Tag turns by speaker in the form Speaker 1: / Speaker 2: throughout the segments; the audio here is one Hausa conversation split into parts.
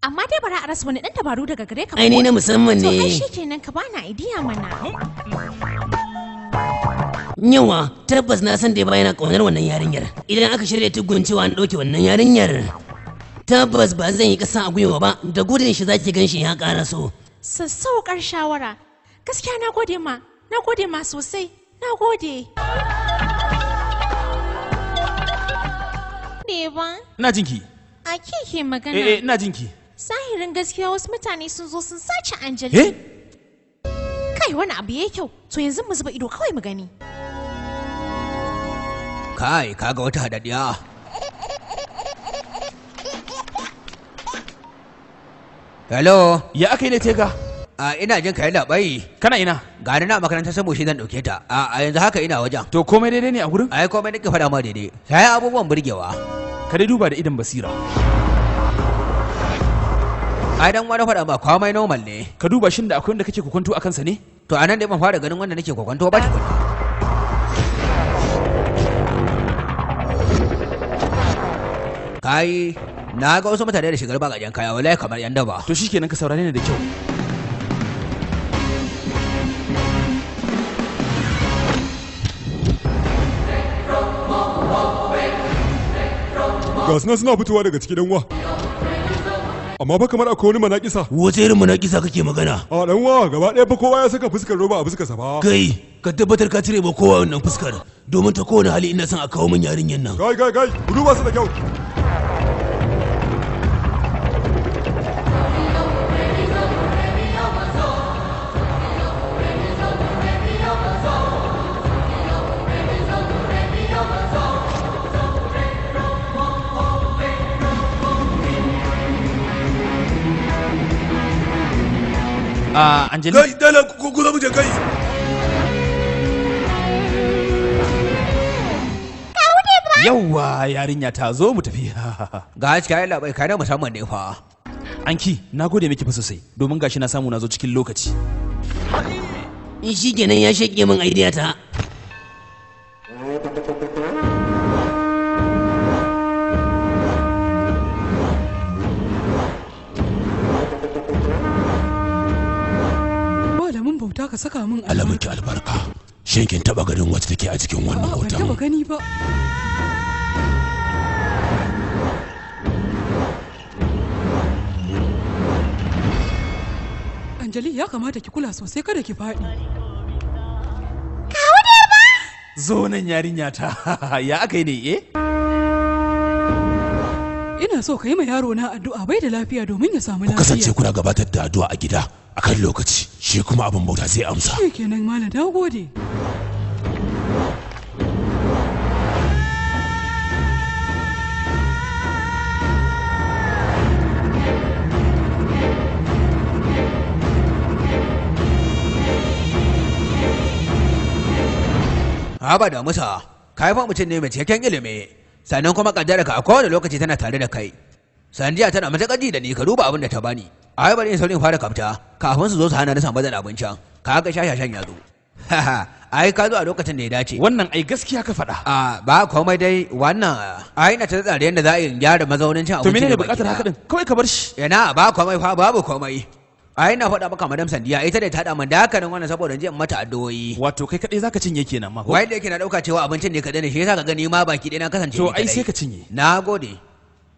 Speaker 1: amma dai bara a rasa wani dan dabaru daga gare ka aini na musamman ne to ai shikenan ka bana idiya mana yawa tabbas na san da bayan yana ƙaunar wannan yarinyar idan aka shirya tugun cewa an ɗauke wannan yarinyar
Speaker 2: tabbas ba zan yi ƙasa a gwiwa ba da gudun shi zaki gan shi ya ƙara so
Speaker 1: sassaukar shawara gaskiya na gode ma na gode ma sosai na gode Ina jinki. A kike magana. Eh, eh, ina jinki. Sahirin gaskiya wasu mutane sun zo sun sace Anjali. Eh? Kai wani abu ya kyau, to yanzu mu zuba ido kawai mu gani.
Speaker 2: Kai, kaga wata hadadiya. Hello. Ya aka yi ne teka? A ina jin ka yana bai. Kana ina? Gani na makarantar samu shi zan dauke ta. A yanzu haka ina wajen. To komai daidai ne a gurin? Ai komai nake faɗa ma daidai. Sai abubuwan burgewa. Ka dai duba da idan basira. ai dan wani faɗa ba komai normal ne ka duba shin da akwai wanda kake kokonto akan sa ne to anan dai ban fara ganin wanda nake kokonto ba tukun kai na ga wasu mutane da shigar bagajen kaya wallahi kamar yan daba to shikenan ka saurare ni da kyau
Speaker 3: ga suna suna fitowa daga cikin wa. amma ba kamar akwai wani manakisa wace irin manakisa kake magana a dan wa gaba ɗaya fa kowa ya saka fuskar roba a sa fa kai ka tabbatar ka cire ba kowa wannan fuskar domin ta kowane hali ina son a kawo min yarinyar nan kai kai kai ku duba su da kyau
Speaker 4: a angelina kai dala
Speaker 2: yarinya ta zo mu tafi ga haske ya labai kai na musamman ne fa
Speaker 4: anki na gode miki fa sosai domin gashi na samu na zo cikin lokaci
Speaker 2: shi kenan ya shege min aidiyata
Speaker 4: saka min
Speaker 3: albarka albarka shin kin taba garin wacce take a cikin wannan hoton ban taba
Speaker 4: gani ba Anjali ya kamata ki kula sosai kada ki faɗi. Kawo da ba! Zo nan yarinya ta ya aka yi ne eh? Ina so ka yi ma yaro na addu'a bai da lafiya domin ya samu lafiya. Ku kasance
Speaker 3: kuna gabatar da addu'a a gida akan lokaci. shi kuma abin bauta zai
Speaker 4: amsa shi kenan malam na gode
Speaker 2: Haba da musa ka fa mutum ne mai cikakken ilimi sannan kuma kaddara ka a kowane lokaci tana tare da kai sandiya tana ji da ni ka duba abin da ta bani ai bari in in fara kafta kafin su zo su hana na samu da abincin ka ga shashashan ya zo ai ka zo a lokacin da ya dace wannan ai gaskiya ka faɗa a ba komai dai wannan ai na ta tsare yadda za a gyara mazaunin cin abinci to menene bukatar haka din kawai ka bar shi yana eh, ba komai fa babu komai ai na faɗa maka madam sandiya ita da ta da man dakarin wannan saboda in mata addu'o'i wato kai kadai zaka cinye kenan ma wai da yake na dauka cewa abincin ne kadai ne shi yasa ka gani ma baki ɗaya na kasance to ai sai ka cinye nagode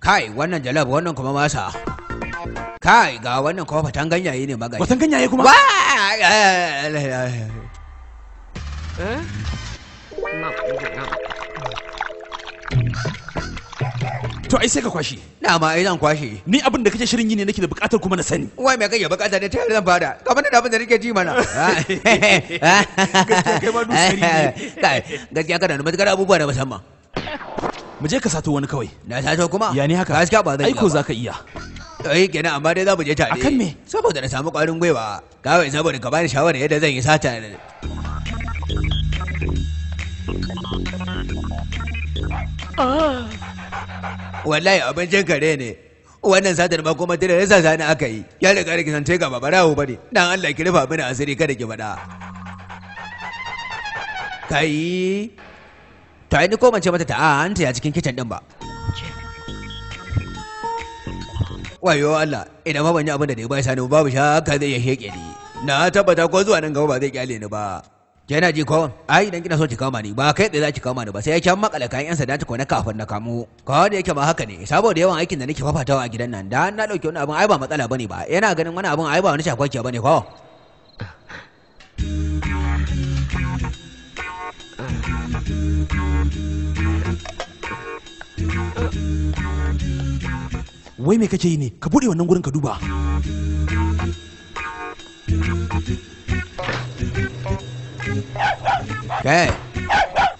Speaker 2: kai wannan jalab wannan kuma masa kai ga wannan kofa tan ganyaye ne magaji fatan ganyaye kuma wa To ai sai ka kwashe. Na ma ai zan kwashe. Ni abin da kake shirin yi ne nake da bukatar kuma na sani. Wai mai kake bukata ne ta zan zan fada? Kamar da abin da nake ji mana. Gaskiya kai ma dukari ne. Kai gaskiya kana da matukar abubuwa da musamman. Mu je ka sato wani kawai. Na sato kuma? Ya ni haka? Gaskiya ba zai. Aiko zaka iya. eh kenan amma dai za mu je tare akan me saboda na samu kwarin gwiwa kawai saboda ka bani shawara yadda zan yi sata wallahi abincin kare ne wannan satar ba kuma tare rasa sani aka yi ya riga da kisance ga ba bane dan Allah ki rufa mini asiri kada ki faɗa kai ta ni ko mace mata ta a hanta ya cikin kitchen din ba wayo Allah idan ma ban yi abin da dai ba sani babu shakka zai ya sheke ni na tabbata ko zuwa nan gaba ba zai kyale ni ba yana ji ko ai idan kina so ki kama ni ba kai da za ki kama ni ba sai ya kyan makala kayan yan sanda ko na kafin na kamo ko da yake ma haka ne saboda yawan aikin da nake fafatawa a gidan nan dan na dauke wani abin ai ba matsala bane ba yana ganin wani abin ai ba wani shakwaki bane ko
Speaker 4: Thank you. wai me kake yi ne ka
Speaker 2: bude wannan gurin ka duba kai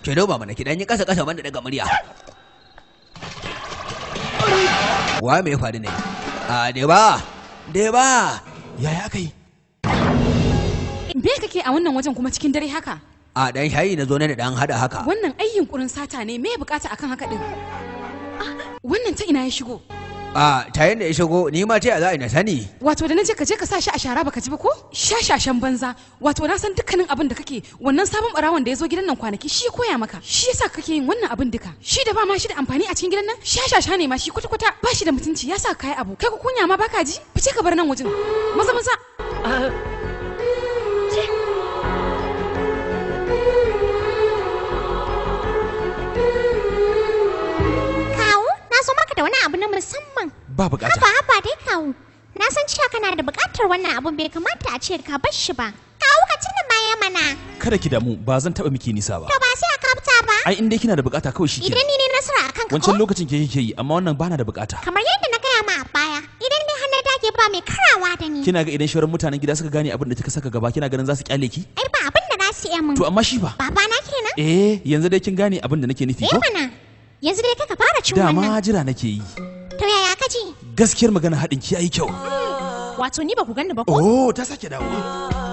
Speaker 2: ke duba mana kiɗan yi ƙasa ƙasa banda daga murya wa me ya faru ne a deba deba yaya aka yi
Speaker 1: me kake a wannan wajen kuma cikin dare haka
Speaker 2: a dan shayi na zo na da dan hada haka
Speaker 1: wannan ai kurin sata ne me ya bukata akan haka din ah, wannan ta ina ya shigo
Speaker 2: a tayin da ya shigo ni ma ta za a na sani
Speaker 1: wato da na je ka je ka sa shi a shara baka ji ba ko shan banza wato na san dukkanin abin da kake wannan sabon barawon da ya zo gidan nan kwanaki shi koya maka shi yasa kake yin wannan abin duka shi da ba ma shi da amfani a cikin gidan nan sha ne ma shi kwata kwata ba shi da mutunci yasa kai abu kai ku kunya ma baka ji fice ka bar nan wajen maza maza da wani abu na musamman. Ba bukata. Haba haba dai kawo. Na san cewa kana da bukatar wannan abun bai kamata a ce ka bar shi ba. Kawo ka tuna baya mana.
Speaker 4: Kada ki damu ba zan taba miki nisa ba. To
Speaker 1: ba sai a kafta ba.
Speaker 4: Ai in dai kina da bukata kawai shi ke. Idan
Speaker 1: ni ne nasara akan ka. Wancan
Speaker 4: lokacin ke kike yi amma wannan bana da bukata.
Speaker 1: Kamar yadda na gaya ma a baya. Idan dai hannar dake ba mai karawa da ni. Kina
Speaker 4: ga idan shawaran mutanen gida suka gane abin da kika saka gaba kina ganin za su kyale ki? Ai ba
Speaker 1: abin da za su iya mun. To amma shi ba. Baba na
Speaker 4: kenan. Eh yanzu dai kin gane abin da nake nufi eh ko? Eh
Speaker 1: mana. yanzu dai kaka fara cin wannan dama
Speaker 4: jira nake yi
Speaker 1: to yaya ka ji
Speaker 4: gaskiyar magana haɗin ki yayi kyau
Speaker 1: wato ni ba ku ganni ba ko oh ta sake dawo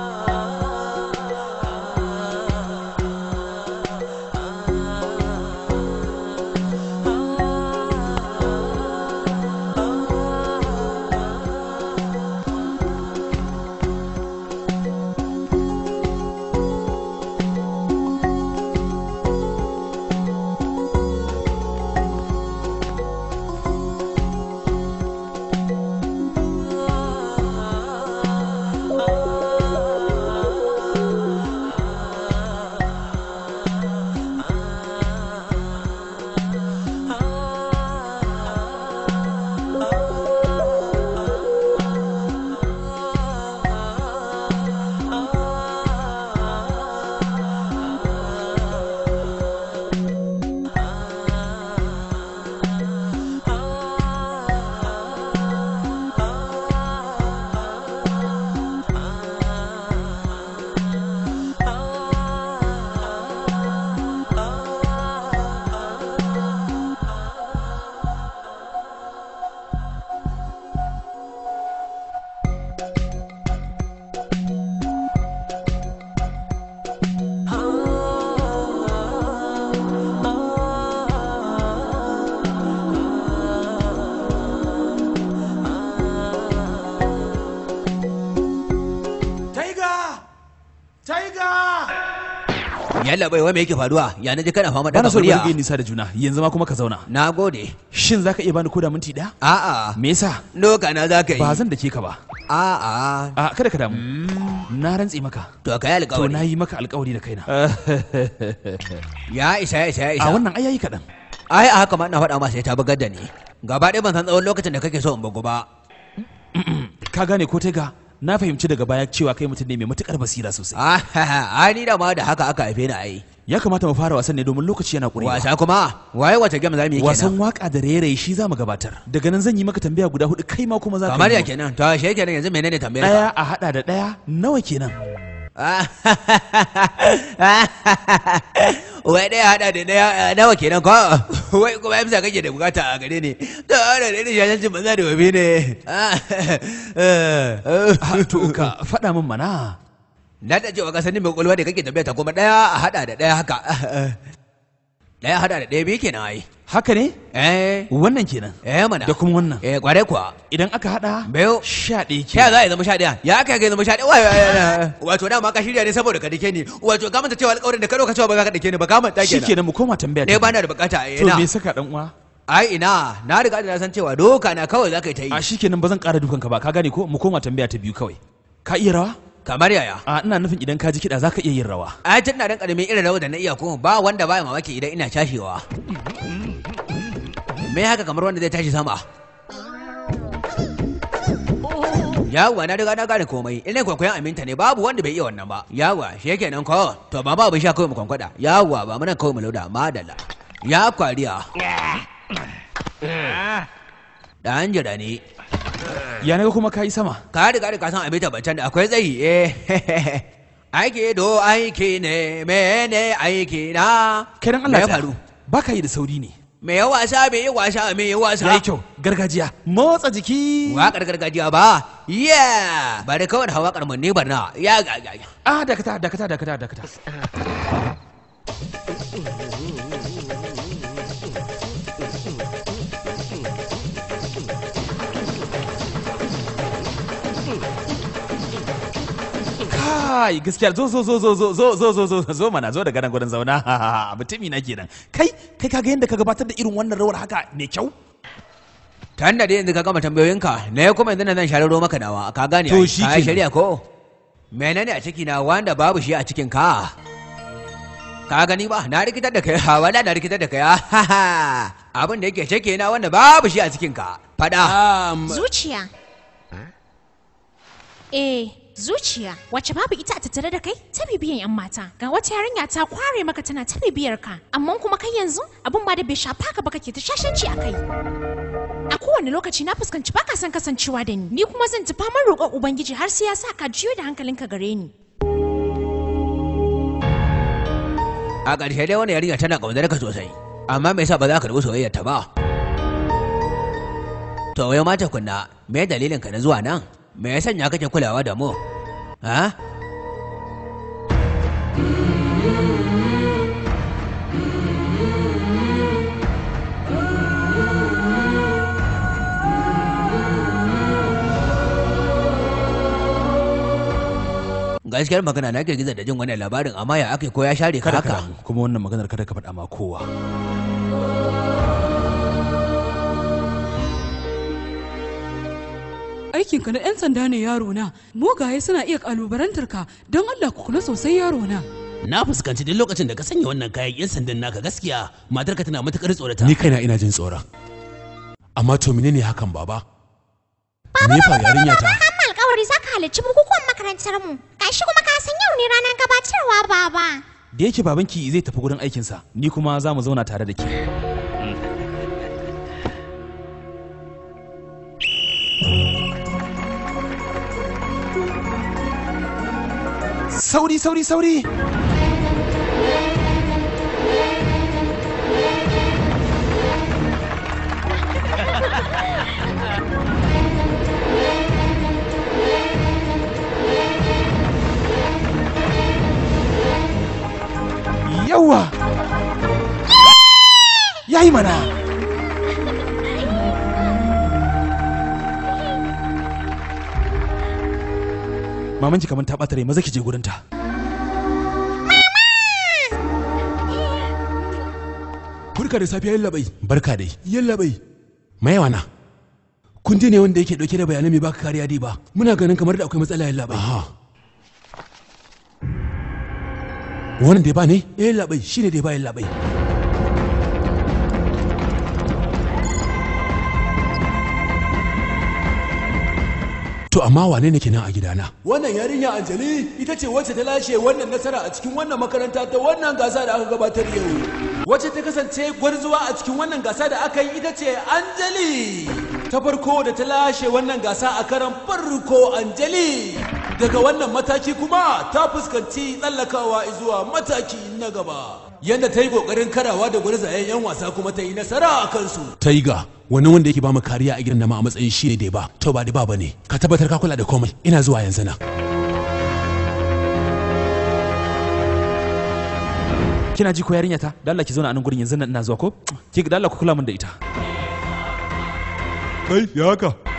Speaker 2: ya labai wai me yake faruwa ya naji kana fama da kafariya bana so nisa da juna yanzu ma kuma ka zauna na gode
Speaker 4: shin zaka iya bani koda minti da?
Speaker 2: a'a me yasa doka
Speaker 4: na zaka yi ba zan dake ka ba
Speaker 2: a'a
Speaker 4: a kada ka damu mm.
Speaker 2: na rantse maka
Speaker 4: to ka yi alƙawari to na yi maka alƙawari da kaina
Speaker 2: ya isa ya isa ya isa a wannan ai yayi kaɗan ai a haka ma ina faɗa ma sai ta bugar da ni gaba ɗaya ban san tsawon lokacin da kake so in bugu ba ka gane ko ta ga na fahimci daga baya cewa kai mutum ne mai matukar basira sosai
Speaker 4: ah, a ni da ma da haka aka haife ni ai ya kamata mu fara wasan ne domin lokaci yana ƙurewa wasa kuma waye wace game zamu yi kenan wasan waka da rairayi shi zamu gabatar daga nan zan yi maka tambaya guda hudu kai ma kuma za ka kamar ya
Speaker 2: kenan to shi kenan yanzu menene tambayar ka daya a hada da daya nawa kenan wai ɗaya haɗa da ɗaya eh, nawa kenan ko wai kuma yamsa kake da bukata a gare ni to ana da irin shashancin banza da wabi ne to ka faɗa min mana na da cewa ka sani mai ƙwaƙwalwa da kake ta kuma ɗaya a haɗa da ɗaya haka ɗaya hada da ɗaya biyu kenan ai haka ne eh wannan kenan eh mana da kuma wannan eh kware kuwa idan aka hada bayo sha ɗaya ke ya za ya zama sha ɗaya ya aka ga zama sha ɗaya wato dama ka shirya ne saboda ka dike ni wato ka manta cewa alƙawarin da ka ɗauka cewa ba za ka dike ni ba ka manta kenan shikenan mu koma tambaya ne bana na da bukata eh to me
Speaker 4: saka dan uwa
Speaker 2: ai ina na riga da na san cewa doka na kawai za ka yi ta yi a shikenan ba zan ƙara dukanka ba ka gane ko mu koma tambaya ta biyu kawai ka iya rawa kamar yaya a ina nufin idan ka ji kiɗa zaka iya yin rawa a tun na dan karamin irin rawa da na iya kuma ba wanda baya mamaki idan ina cashewa me haka kamar wanda zai tashi sama yawa na riga na gane komai ina kwaikwayon aminta ne babu wanda bai iya wannan ba yawa shi yake nan ko to ba ma sha kawai mu kwankwada yawa ba muna kawai mu lauda madalla ya kwariya ɗan jira ne ya naga kuma kayi sama ka riga da kasan abita bacan da akwai tsayi eh aiki do aiki ne mene aiki na kiran Allah ya faru baka yi da sauri ne me yawa wasa me yawa wasa me yawa wasa yayi kyau gargajiya motsa jiki waƙar gargajiya ba yeah bare kawai hawa ne barna ya ga ya ah dakata dakata dakata dakata uh,
Speaker 4: kai gaskiya zo zo zo zo zo zo zo zo zo zo mana zo daga nan gurin zauna mutumi na kenan kai kai kaga
Speaker 2: yadda ka gabatar da irin wannan rawar haka mai kyau ta da dai yanzu ka gama tambayoyinka na ya kuma yanzu na zan shararo maka dawa ka gane to shi ke shari'a ko menene a ciki na wanda babu shi a cikin ka ka gani ba na rikitar da kai ha wala na rikitar da kai ha abin da yake cike na wanda babu shi a cikin ka fada
Speaker 1: zuciya eh Zuciya wacce babu ita a tattare da kai ta bibiyan 'yan mata ga wata yarinya ta kware maka tana ta bibiyar ka amma kuma kai yanzu abin ba da bai shafa ka ba kake ta shashanci a kai. A kowane lokaci na fuskanci baka son kasancewa da ni ni kuma zan tafa man roƙon Ubangiji har sai ya sa ka jiyo da hankalinka gare ni.
Speaker 2: A ƙarshe dai wani yarinya tana ƙaunar ka sosai amma me yasa ba za ka karɓi soyayyarta ba? To yau mata kunna me dalilin ka na zuwa nan? me ya sanya kake kulawa da mu ha gaskiyar magana na girgiza da jin wani labarin amma ya ake ko ya share ka haka
Speaker 4: kuma wannan maganar kada ka faɗa ma kowa aikinka na 'yan sanda ne yaro na mugaye suna iya kalubarantar ka don allah ku kula
Speaker 2: sosai yaro na na fuskanci duk lokacin da ka sanya wannan kayan 'yan sandan naka gaskiya matar ka tana matukar tsorata ni kaina
Speaker 3: ina jin tsoron amma to menene hakan baba
Speaker 1: ne fa yarinya ta alƙawari zaka halarci bukukuwan makarantar mu gashi kuma ka san yau ne ranar gabatarwa baba
Speaker 4: da yake babanki zai tafi gurin aikinsa ni kuma za mu zauna tare da ke. sauri sauri sauri yawa
Speaker 1: yayi mana
Speaker 4: mamanki kamar ta ɓata rai maza ki je gurin ta barka da
Speaker 3: safiya yallaɓai barka dai yallaɓai mai wana kundi ne wanda yake dauke da bayanai mai baka kariya dai ba muna ganin kamar da akwai matsala yallaɓai wannan dai ba ne shi shine dai ba yallaɓai to amma wane ne kenan a gidana wannan yarinya anjali ita ce wacce ta lashe wannan nasara a cikin wannan makaranta ta wannan gasa da aka gabatar yau wacce ta kasance gwarzuwa a cikin wannan gasa da aka yi ita ce anjali ta farko da ta lashe wannan gasa a karan farko anjali daga wannan mataki kuma ta fuskanci tsallakawa zuwa mataki na gaba yadda ta yi kokarin karawa da gwarzayen 'yan wasa kuma ta yi nasara a kansu. Taiga, wani wanda yake ba mu kariya a gidan nama a matsayin shi ne dai ba, to ba dai
Speaker 4: ba ne. Ka tabbatar ka kula da komai, ina zuwa yanzu na. Kina ji ko yarinya ta? Dalla ki zauna a nan gurin yanzu nan ina zuwa ko? Ki dalla ku kula min da ita. Kai, ya haka?